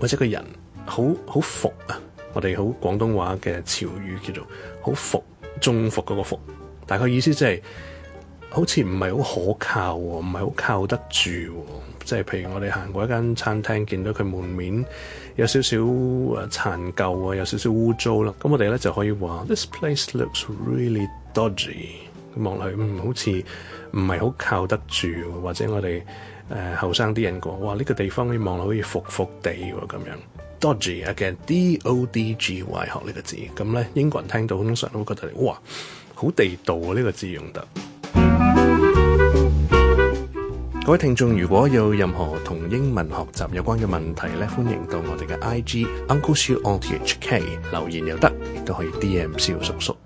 或者個人好好伏啊，我哋好廣東話嘅潮語叫做好伏，中伏嗰個伏，大概意思即係好似唔係好可靠喎，唔係好靠得住喎，即係譬如我哋行過一間餐廳，見到佢門面有少少殘舊啊，有少少污糟啦，咁我哋咧就可以話，This place looks really dodgy。望落去，嗯，好似唔係好靠得住，或者我哋誒後生啲人講，哇，呢個地方可以望落好似伏伏地喎，咁樣。Dodgy 啊嘅 D O D G Y 學呢個字，咁咧英國人聽到通常都會覺得哇，好地道啊呢個字用得。各位聽眾如果有任何同英文學習有關嘅問題咧，歡迎到我哋嘅 I G Uncle Shiu on T H K 留言又得，亦都可以，以 D M 小叔叔，叔。